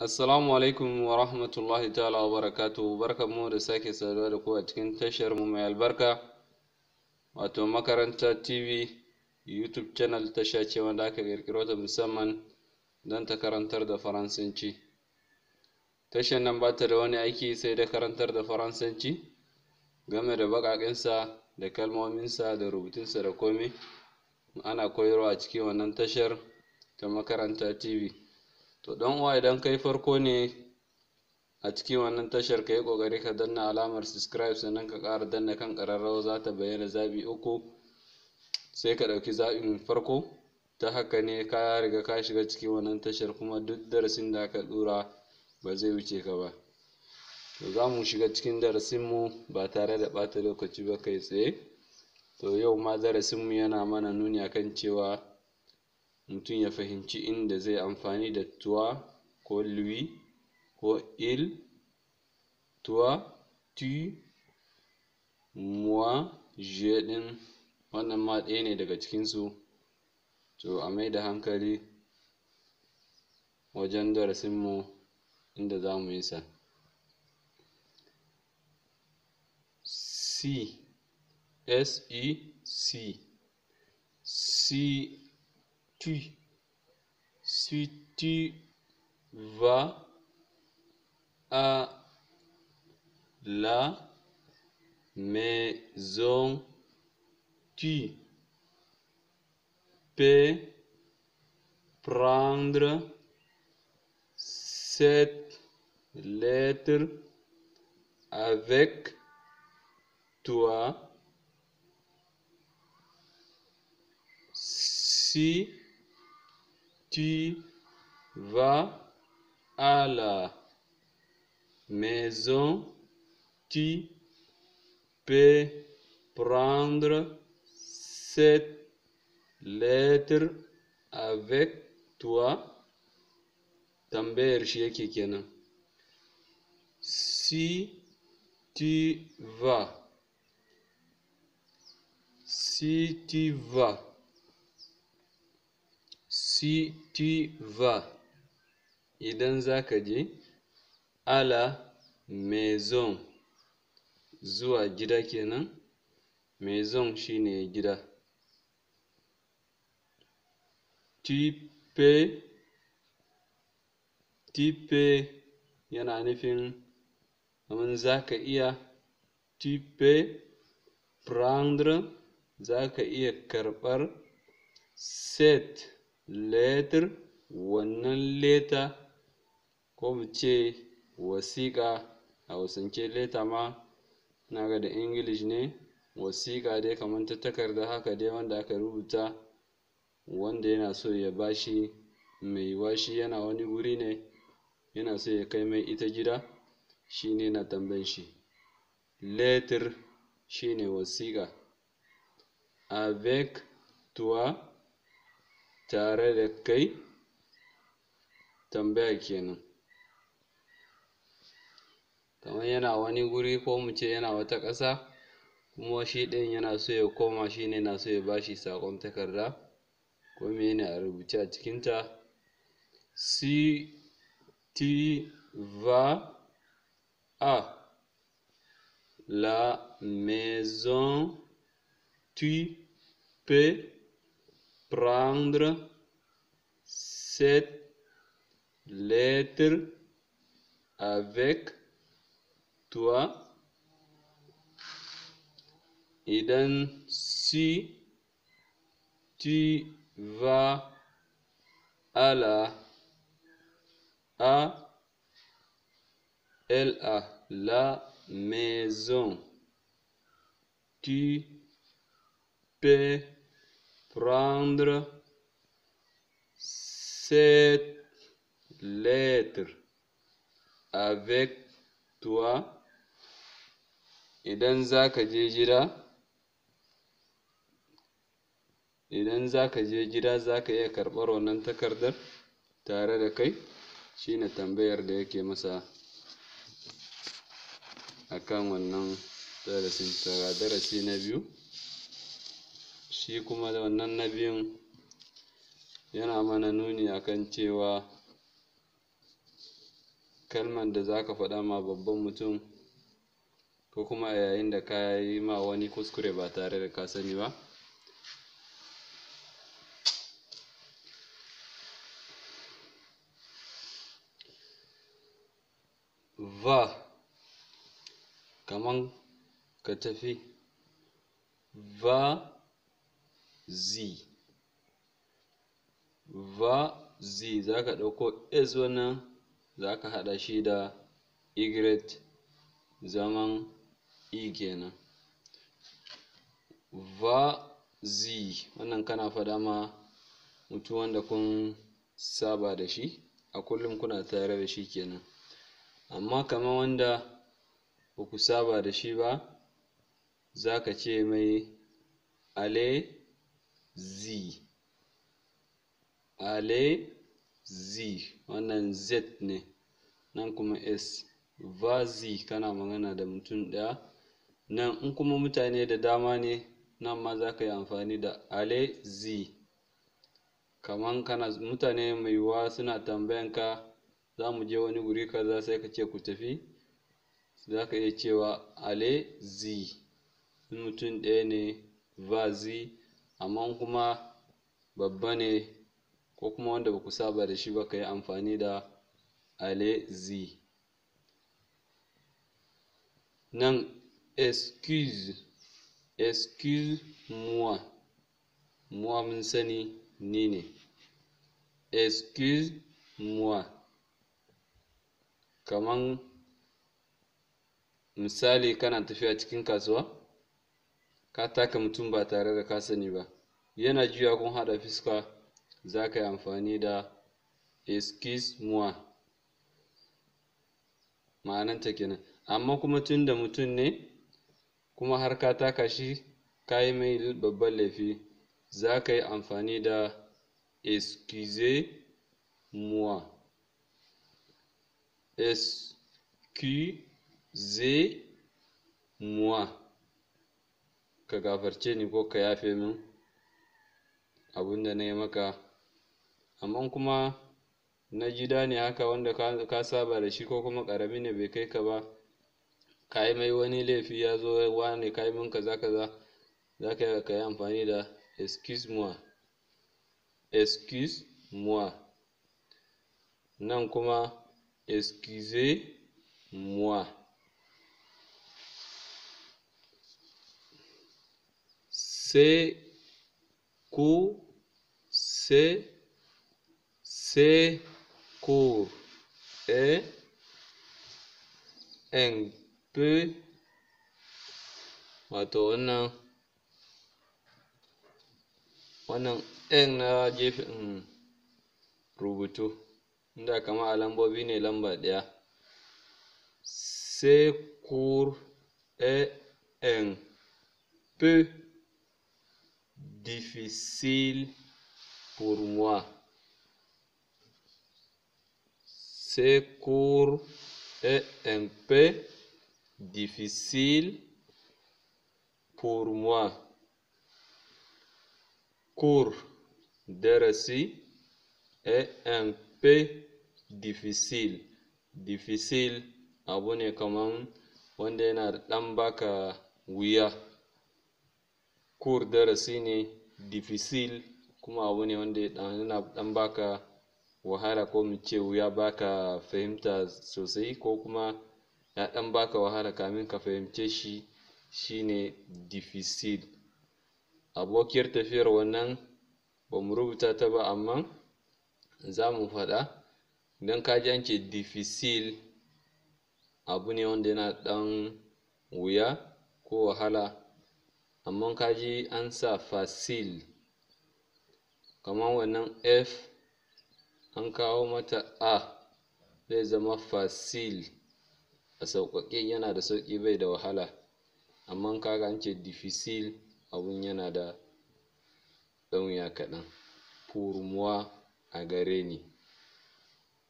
Assalamu alaikum wa rahmatullahi ta'ala wa barakatu mu da sake saduwa da ku a cikin tashar mu mai albarka wato makaranta TV YouTube channel tasha ce wanda aka kirkiro ta musamman don ta karantar da faransanci. Tashar nan bata da wani aiki sai da karantar da faransanci game da baƙaƙensa da kalmominsa da rubutunsa da komai ana koyarwa a cikin wannan tashar ta makaranta TV. to don uwa idan kai farko ne a cikin wannan tashar ka yi kokari ka danna alamar subscribe sannan ka ƙara danna kan ƙararrawa zata ta bayyana zaɓi uku sai ka ɗauki zaɓin farko ta haka ne ka riga ka shiga cikin wannan tashar kuma duk darasin da aka ɗora ba zai wuce ka ba to za mu shiga cikin darasin mu ba tare da ɓata lokaci ba kai tsaye to yau ma darasin mu yana mana nuni akan cewa mutum ya fahimci inda zai amfani da tuwa ko lui ko il tuwa tu muwa je ɗin wannan ma ɗaya ne daga cikinsu to a mai da hankali wajen darasinmu inda za mu yi sa c s e c c tu. Si tu vas à la maison, tu peux prendre cette lettre avec toi. Si tu vas à la maison, tu peux prendre cette lettre avec toi. si tu vas si tu vas sitiva idan za ka je ala maison zuwa gida kenan maison shine gida Tu yana nufin kaman za ka iya Tu prendre za ka iya karɓar set. letter wannan leta ko mu ce wasiƙa a hausance leta ma na ga da English ne wasiƙa dai kamar ta takarda haka dai wanda aka rubuta wanda yana so ya bashi mai yiwuwa shi yana wani guri ne yana so ya kai mai ita gida shi ne yana tambayan shi letter shi ne wasiƙa avec toi tare da kai tambaya kenan kamar yana wani guri ko mu ce yana wata ƙasa kuma shi ɗin yana so ya koma shi ne yana so ya ba shi saƙon takarda ko mene a rubuce a cikinta si ti va la maison tu peux prendre cette lettre avec toi et donc, si tu vas à la à elle à la maison, tu peux prendre cette lettre avec toi idan za ka je gida idan za ka je gida za iya karɓar wannan takardar tare da kai shine tambayar da yake masa akan wannan darasin darasi na biyu shi kuma da wannan na biyun yana mana nuni akan cewa kalman da zaka faɗa ma babban mutum ko kuma a yayin da ka yi ma wani kuskure ba tare da ka sani ba va kaman ka tafi va z va z za ka ɗauko s wannan za ka haɗa shi da y zaman e kenan va z wannan kana faɗa ma mutum wanda kun saba da shi a kullum kuna tare da shi kenan amma kamar wanda ba ku saba da shi ba za ka ce mai ale z ale z wannan z ne nan kuma s vazi kana magana da mutum ɗaya nan in kuma mutane da dama ne nan ma za ka yi amfani da ale z kaman kana mutane mai yiwuwa suna tambayan ka za mu je wani guri kaza sai ka ce ku tafi za ka iya cewa ale z mutum ɗaya ne vazi amma kuma babba ne ko kuma wanda baku saba da shi ba ka yi amfani da alezi nan excuse excuse moi moi mun sani ni ne excuse moi kaman misali kana tafiya cikin kasuwa ka taka mutum ba tare da ka sani ba yana juya kun haɗa fuska za ka yi amfani da excuse moi ma'ananta kenan amma kuma tun da mutum ne kuma har ka taka shi ka yi mai babban laifi za ka yi amfani da excuse moi excuse moi ka gafarce ni ko ka yafe min abin da na yi maka amma kuma na gida ne haka wanda ka saba da shi ko kuma ƙarami ne bai kai ka ba ka yi mai wani laifi ya zo wane ka yi min kaza kaza za ka ka yi amfani da excuse moi excuse moi nan kuma excusez moi C, Q, C, C, Q, E, N, P, wato wannan wannan N na gefen mm, rubutu, inda kamar a lambobi ne lamba ɗaya. C, Q, E, N, P, difficile pour moi. Ce cours et un peu difficile pour moi. Cours de récit est un peu difficile. Difficile abonnez-vous. on wanda yana kur darasi ne difisil kuma abu ne wanda yana ɗan baka wahala ko mu ce wuya baka fahimta sosai ko kuma ya ɗan baka wahala kamin ka fahimce shi shi ne difisil abokiyar tafiyar wannan ba mu rubuta ta ba amma za mu faɗa idan ka ji an ce abu ne wanda yana ɗan wuya ko wahala amma ka ji an sa fasil kamar wannan f an kawo mata a zai zama fasil a sauƙaƙe yana da sauƙi bai da wahala amma kaga an ce difisil abun yana da ɗan wuya kaɗan kurmuwa a gare ni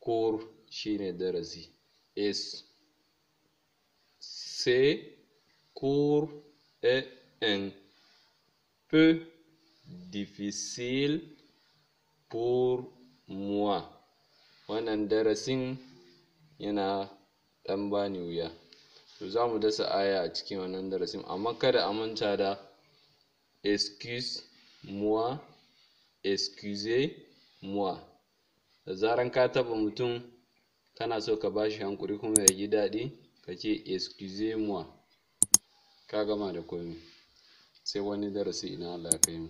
kur shine darasi es se kur e un peu difficile pour moi. Wannan darasin yana ɗan bani wuya. To za mu dasa aya a cikin wannan darasin, amma kada a manta da excuse-moi, excusez-moi. Da zaran ka taɓa mutum kana so ka bashi hankuri kuma ya ji daɗi, ka ce excusez-moi, ka gama da komai. sai wani darasi idan Allah ya kai mu